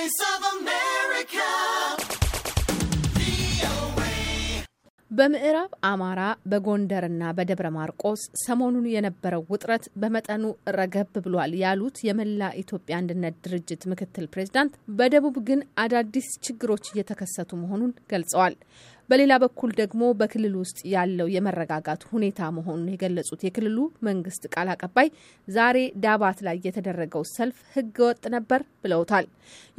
Voice በምዕራብ አማራ በጎንደርና በደብረ ማርቆስ ሰሞኑን የነበረው ውጥረት በመጠኑ ረገብ ብሏል ያሉት የመላ ኢትዮጵያ አንድነት ድርጅት ምክትል ፕሬዝዳንት፣ በደቡብ ግን አዳዲስ ችግሮች እየተከሰቱ መሆኑን ገልጸዋል። በሌላ በኩል ደግሞ በክልል ውስጥ ያለው የመረጋጋት ሁኔታ መሆኑን የገለጹት የክልሉ መንግስት ቃል አቀባይ ዛሬ ዳባት ላይ የተደረገው ሰልፍ ወጥ ነበር ብለውታል።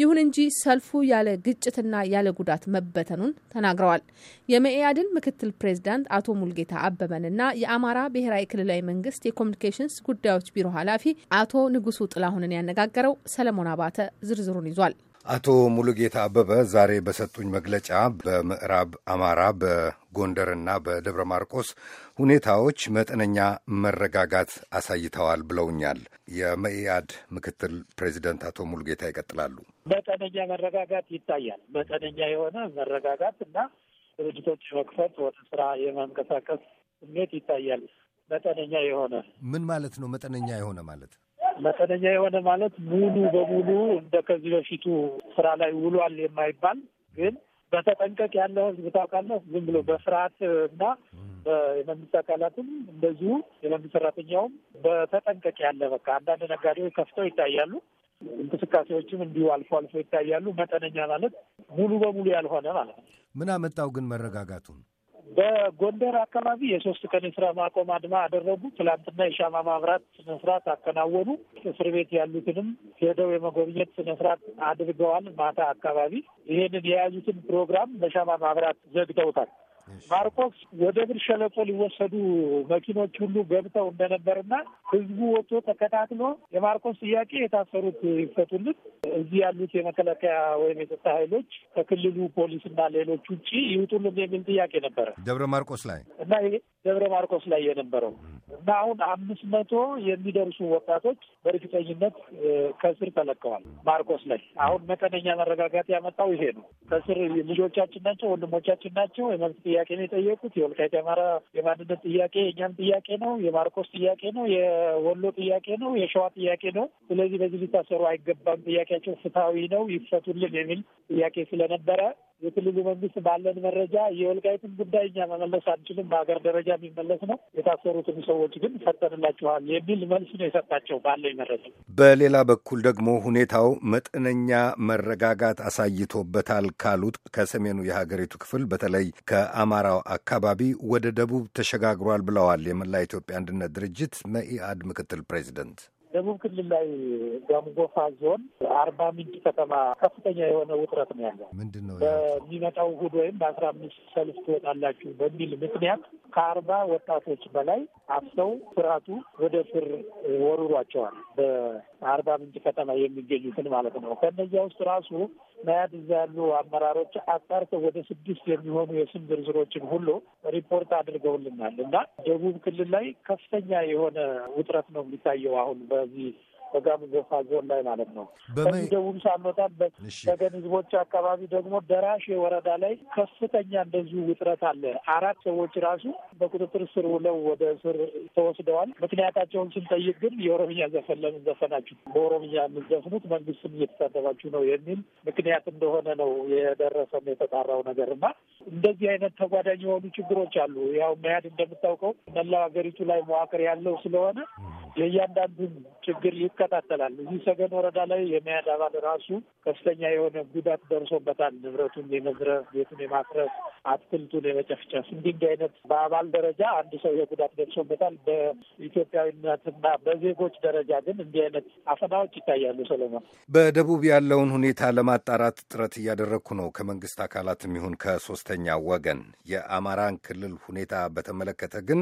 ይሁን እንጂ ሰልፉ ያለ ግጭትና ያለ ጉዳት መበተኑን ተናግረዋል። የመኢአድን ምክትል ፕሬዚዳንት አቶ ሙልጌታ አበበንና የአማራ ብሔራዊ ክልላዊ መንግስት የኮሚኒኬሽንስ ጉዳዮች ቢሮ ኃላፊ አቶ ንጉሱ ጥላሁንን ያነጋገረው ሰለሞን አባተ ዝርዝሩን ይዟል። አቶ ሙሉጌታ አበበ ዛሬ በሰጡኝ መግለጫ በምዕራብ አማራ በጎንደርና በደብረ ማርቆስ ሁኔታዎች መጠነኛ መረጋጋት አሳይተዋል ብለውኛል። የመኢአድ ምክትል ፕሬዚደንት አቶ ሙሉጌታ ይቀጥላሉ። መጠነኛ መረጋጋት ይታያል። መጠነኛ የሆነ መረጋጋት እና ድርጅቶች መክፈት፣ ወደ ስራ የመንቀሳቀስ ስሜት ይታያል። መጠነኛ የሆነ ምን ማለት ነው? መጠነኛ የሆነ ማለት መጠነኛ የሆነ ማለት ሙሉ በሙሉ እንደ ከዚህ በፊቱ ስራ ላይ ውሏል የማይባል ግን በተጠንቀቅ ያለ ህዝብ ታውቃለህ። ዝም ብሎ በፍርሃት እና የመንግስት አካላትም እንደዚሁ የመንግስት ሰራተኛውም በተጠንቀቅ ያለ በቃ አንዳንድ ነጋዴዎች ከፍተው ይታያሉ። እንቅስቃሴዎችም እንዲሁ አልፎ አልፎ ይታያሉ። መጠነኛ ማለት ሙሉ በሙሉ ያልሆነ ማለት ነው። ምን አመጣው ግን መረጋጋቱን በጎንደር አካባቢ የሶስት ቀን የስራ ማቆም አድማ አደረጉ። ትላንትና የሻማ ማብራት ስነስርዓት አከናወኑ። እስር ቤት ያሉትንም ሄደው የመጎብኘት ስነስርዓት አድርገዋል። ማታ አካባቢ ይሄንን የያዙትን ፕሮግራም በሻማ ማብራት ዘግተውታል። ማርቆስ ወደ ብር ሸለቆ ሊወሰዱ መኪኖች ሁሉ ገብተው እንደነበርና ህዝቡ ወጥቶ ተከታትሎ የማርቆስ ጥያቄ የታሰሩት ይፈቱልን፣ እዚህ ያሉት የመከላከያ ወይም የጸጥታ ኃይሎች ከክልሉ ፖሊስና ሌሎች ውጭ ይውጡልን የሚል ጥያቄ ነበረ ደብረ ማርቆስ ላይ እና ደብረ ማርቆስ ላይ የነበረው እና አሁን አምስት መቶ የሚደርሱ ወጣቶች በእርግጠኝነት ከስር ተለቀዋል። ማርቆስ ላይ አሁን መጠነኛ መረጋጋት ያመጣው ይሄ ነው። ከስር ልጆቻችን ናቸው፣ ወንድሞቻችን ናቸው። የመብት ጥያቄ ነው የጠየቁት። የወልቃይት የአማራ የማንነት ጥያቄ የእኛም ጥያቄ ነው፣ የማርቆስ ጥያቄ ነው፣ የወሎ ጥያቄ ነው፣ የሸዋ ጥያቄ ነው። ስለዚህ በዚህ ሊታሰሩ አይገባም፣ ጥያቄያቸው ፍትሐዊ ነው፣ ይፈቱልን የሚል ጥያቄ ስለነበረ የክልሉ መንግስት ባለን መረጃ የወልቃይትን ጉዳይ እኛ መመለስ አንችልም፣ በሀገር ደረጃ የሚመለስ ነው። የታሰሩትን ሰዎች ግን ፈጠንላችኋል የሚል መልስ ነው የሰጣቸው ባለኝ መረጃ። በሌላ በኩል ደግሞ ሁኔታው መጠነኛ መረጋጋት አሳይቶበታል ካሉት ከሰሜኑ የሀገሪቱ ክፍል በተለይ ከአማራው አካባቢ ወደ ደቡብ ተሸጋግሯል ብለዋል የመላ ኢትዮጵያ አንድነት ድርጅት መኢአድ ምክትል ፕሬዚደንት ደቡብ ክልል ላይ ጋምጎፋ ዞን አርባ ምንጭ ከተማ ከፍተኛ የሆነ ውጥረት ነው ያለው። ምንድን ነው በሚመጣው እሑድ ወይም በአስራ አምስት ሰልፍ ትወጣላችሁ በሚል ምክንያት ከአርባ ወጣቶች በላይ አፍሰው ስርዓቱ ወደ ስር ወርሯቸዋል። በአርባ ምንጭ ከተማ የሚገኙትን ማለት ነው። ከእነዚያ ውስጥ ራሱ መያድ እዛ ያሉ አመራሮች አጣርተው ወደ ስድስት የሚሆኑ የስም ዝርዝሮችን ሁሉ ሪፖርት አድርገውልናል እና ደቡብ ክልል ላይ ከፍተኛ የሆነ ውጥረት ነው የሚታየው አሁን በዚህ በጋምዘፋ ዞን ላይ ማለት ነው። ከሚደቡብ ሳንወጣ በሰገን ህዝቦች አካባቢ ደግሞ ደራሼ ወረዳ ላይ ከፍተኛ እንደዚሁ ውጥረት አለ። አራት ሰዎች ራሱ በቁጥጥር ስር ውለው ወደ እስር ተወስደዋል። ምክንያታቸውን ስንጠይቅ ግን የኦሮምኛ ዘፈን ለምን ዘፈናችሁ፣ በኦሮምኛ የምዘፍኑት መንግስትም እየተሳደባችሁ ነው የሚል ምክንያት እንደሆነ ነው የደረሰን የተጣራው ነገር እና እንደዚህ አይነት ተጓዳኝ የሆኑ ችግሮች አሉ። ያው መያድ እንደምታውቀው መላው ሀገሪቱ ላይ መዋቅር ያለው ስለሆነ የእያንዳንዱን ችግር ይከታተላል። እዚህ ሰገን ወረዳ ላይ የመያድ አባል ራሱ ከፍተኛ የሆነ ጉዳት ደርሶበታል። ንብረቱን የመዝረፍ፣ ቤቱን የማፍረስ፣ አትክልቱን የመጨፍጨፍ እንዲህ እንዲህ አይነት በአባል ደረጃ አንድ ሰው የጉዳት ደርሶበታል። በኢትዮጵያዊነትና በዜጎች ደረጃ ግን እንዲህ አይነት አፈናዎች ይታያሉ። ሰለሞን፣ በደቡብ ያለውን ሁኔታ ለማጣራት ጥረት እያደረግኩ ነው ከመንግስት አካላትም ይሁን ከሶስተኛ ወገን። የአማራን ክልል ሁኔታ በተመለከተ ግን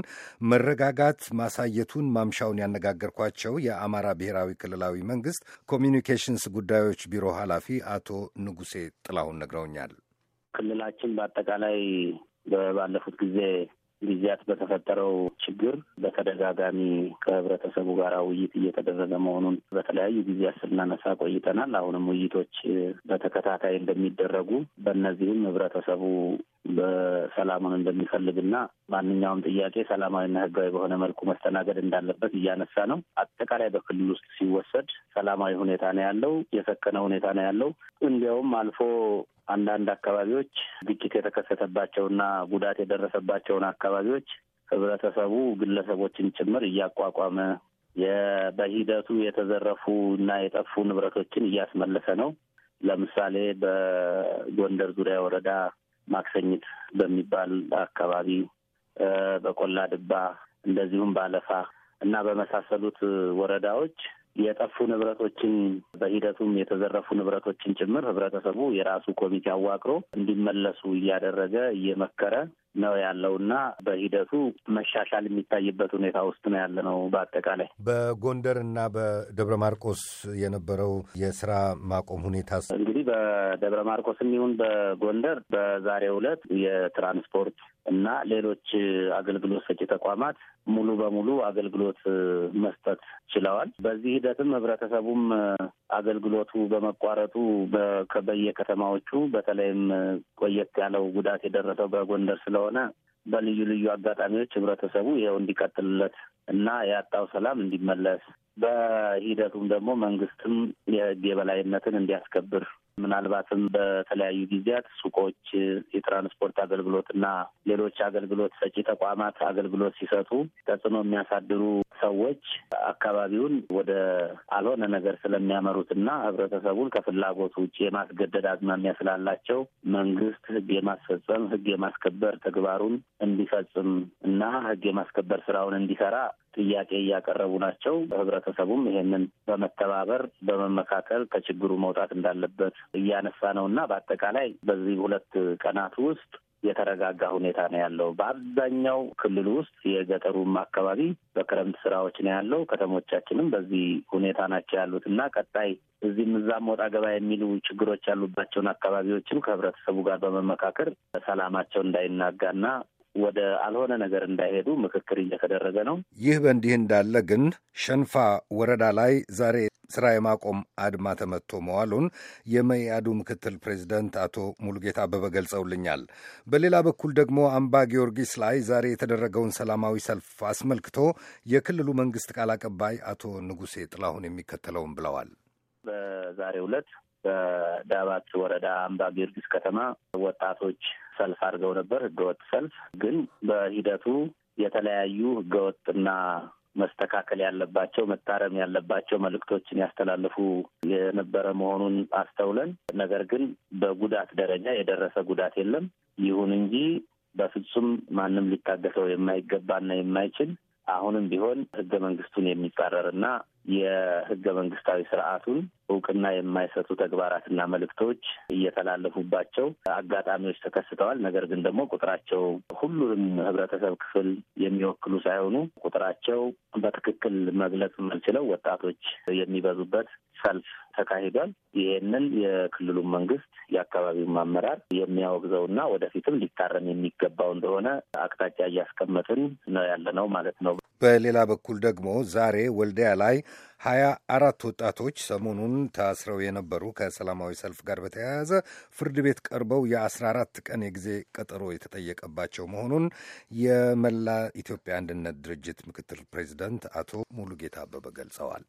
መረጋጋት ማሳየቱን ማምሻውን ያነ ያነጋገርኳቸው የአማራ ብሔራዊ ክልላዊ መንግስት ኮሚኒኬሽንስ ጉዳዮች ቢሮ ኃላፊ አቶ ንጉሴ ጥላሁን ነግረውኛል። ክልላችን በአጠቃላይ ባለፉት ጊዜ ጊዜያት በተፈጠረው ችግር በተደጋጋሚ ከህብረተሰቡ ጋር ውይይት እየተደረገ መሆኑን በተለያዩ ጊዜያት ስናነሳ ቆይተናል። አሁንም ውይይቶች በተከታታይ እንደሚደረጉ በእነዚህም ህብረተሰቡ በሰላሙን እንደሚፈልግና ማንኛውም ጥያቄ ሰላማዊና ህጋዊ በሆነ መልኩ መስተናገድ እንዳለበት እያነሳ ነው። አጠቃላይ በክልል ውስጥ ሲወሰድ ሰላማዊ ሁኔታ ነው ያለው፣ የሰከነ ሁኔታ ነው ያለው። እንዲያውም አልፎ አንዳንድ አካባቢዎች ግጭት የተከሰተባቸውና ጉዳት የደረሰባቸውን አካባቢዎች ህብረተሰቡ ግለሰቦችን ጭምር እያቋቋመ በሂደቱ የተዘረፉ እና የጠፉ ንብረቶችን እያስመለሰ ነው። ለምሳሌ በጎንደር ዙሪያ ወረዳ ማክሰኝት በሚባል አካባቢ፣ በቆላ ድባ እንደዚሁም ባለፋ እና በመሳሰሉት ወረዳዎች የጠፉ ንብረቶችን በሂደቱም የተዘረፉ ንብረቶችን ጭምር ህብረተሰቡ የራሱ ኮሚቴ አዋቅሮ እንዲመለሱ እያደረገ እየመከረ ነው ያለው እና በሂደቱ መሻሻል የሚታይበት ሁኔታ ውስጥ ነው ያለ ነው። በአጠቃላይ በጎንደር እና በደብረ ማርቆስ የነበረው የስራ ማቆም ሁኔታ እንግዲህ በደብረ ማርቆስ ይሁን በጎንደር በዛሬው ዕለት የትራንስፖርት እና ሌሎች አገልግሎት ሰጪ ተቋማት ሙሉ በሙሉ አገልግሎት መስጠት ችለዋል። በዚህ ሂደትም ህብረተሰቡም አገልግሎቱ በመቋረጡ በየከተማዎቹ በተለይም ቆየት ያለው ጉዳት የደረሰው በጎንደር ስለ ስለሆነ በልዩ ልዩ አጋጣሚዎች ህብረተሰቡ ይኸው እንዲቀጥልለት እና ያጣው ሰላም እንዲመለስ በሂደቱም ደግሞ መንግስትም የህግ የበላይነትን እንዲያስከብር ምናልባትም በተለያዩ ጊዜያት ሱቆች፣ የትራንስፖርት አገልግሎት እና ሌሎች አገልግሎት ሰጪ ተቋማት አገልግሎት ሲሰጡ ተጽዕኖ የሚያሳድሩ ሰዎች አካባቢውን ወደ አልሆነ ነገር ስለሚያመሩት እና ህብረተሰቡን ከፍላጎት ውጭ የማስገደድ አዝማሚያ ስላላቸው መንግስት ህግ የማስፈጸም ህግ የማስከበር ተግባሩን እንዲፈጽም እና ህግ የማስከበር ስራውን እንዲሰራ ጥያቄ እያቀረቡ ናቸው። ህብረተሰቡም ይሄንን በመተባበር በመመካከል ከችግሩ መውጣት እንዳለበት እያነሳ ነው እና በአጠቃላይ በዚህ ሁለት ቀናት ውስጥ የተረጋጋ ሁኔታ ነው ያለው። በአብዛኛው ክልል ውስጥ የገጠሩም አካባቢ በክረምት ስራዎች ነው ያለው። ከተሞቻችንም በዚህ ሁኔታ ናቸው ያሉት እና ቀጣይ እዚህም እዛም ወጣ ገባ የሚሉ ችግሮች ያሉባቸውን አካባቢዎችም ከህብረተሰቡ ጋር በመመካከር ሰላማቸው እንዳይናጋና ወደ አልሆነ ነገር እንዳይሄዱ ምክክር እየተደረገ ነው። ይህ በእንዲህ እንዳለ ግን ሸንፋ ወረዳ ላይ ዛሬ ስራ የማቆም አድማ ተመቶ መዋሉን የመያዱ ምክትል ፕሬዚደንት አቶ ሙሉጌታ አበበ ገልጸውልኛል። በሌላ በኩል ደግሞ አምባ ጊዮርጊስ ላይ ዛሬ የተደረገውን ሰላማዊ ሰልፍ አስመልክቶ የክልሉ መንግስት ቃል አቀባይ አቶ ንጉሴ ጥላሁን የሚከተለውን ብለዋል። በዛሬው ዕለት በዳባት ወረዳ አምባ ጊዮርጊስ ከተማ ወጣቶች ሰልፍ አድርገው ነበር፣ ህገወጥ ሰልፍ። ግን በሂደቱ የተለያዩ ህገወጥና መስተካከል ያለባቸው መታረም ያለባቸው መልእክቶችን ያስተላልፉ የነበረ መሆኑን አስተውለን፣ ነገር ግን በጉዳት ደረጃ የደረሰ ጉዳት የለም። ይሁን እንጂ በፍጹም ማንም ሊታገሰው የማይገባና የማይችል አሁንም ቢሆን ህገ መንግስቱን የሚጻረር እና የህገ መንግስታዊ ስርዓቱን እውቅና የማይሰጡ ተግባራትና መልእክቶች እየተላለፉባቸው አጋጣሚዎች ተከስተዋል። ነገር ግን ደግሞ ቁጥራቸው ሁሉንም ህብረተሰብ ክፍል የሚወክሉ ሳይሆኑ ቁጥራቸው በትክክል መግለጽ የማልችለው ወጣቶች የሚበዙበት ሰልፍ ተካሂዷል። ይህንን የክልሉን መንግስት የአካባቢውን አመራር የሚያወግዘውና ወደፊትም ሊታረም የሚገባው እንደሆነ አቅጣጫ እያስቀመጥን ነው ያለነው ማለት ነው። በሌላ በኩል ደግሞ ዛሬ ወልዲያ ላይ ሀያ አራት ወጣቶች ሰሞኑን ታስረው የነበሩ ከሰላማዊ ሰልፍ ጋር በተያያዘ ፍርድ ቤት ቀርበው የ14 ቀን የጊዜ ቀጠሮ የተጠየቀባቸው መሆኑን የመላ ኢትዮጵያ አንድነት ድርጅት ምክትል ፕሬዚዳንት አቶ ሙሉጌታ አበበ ገልጸዋል።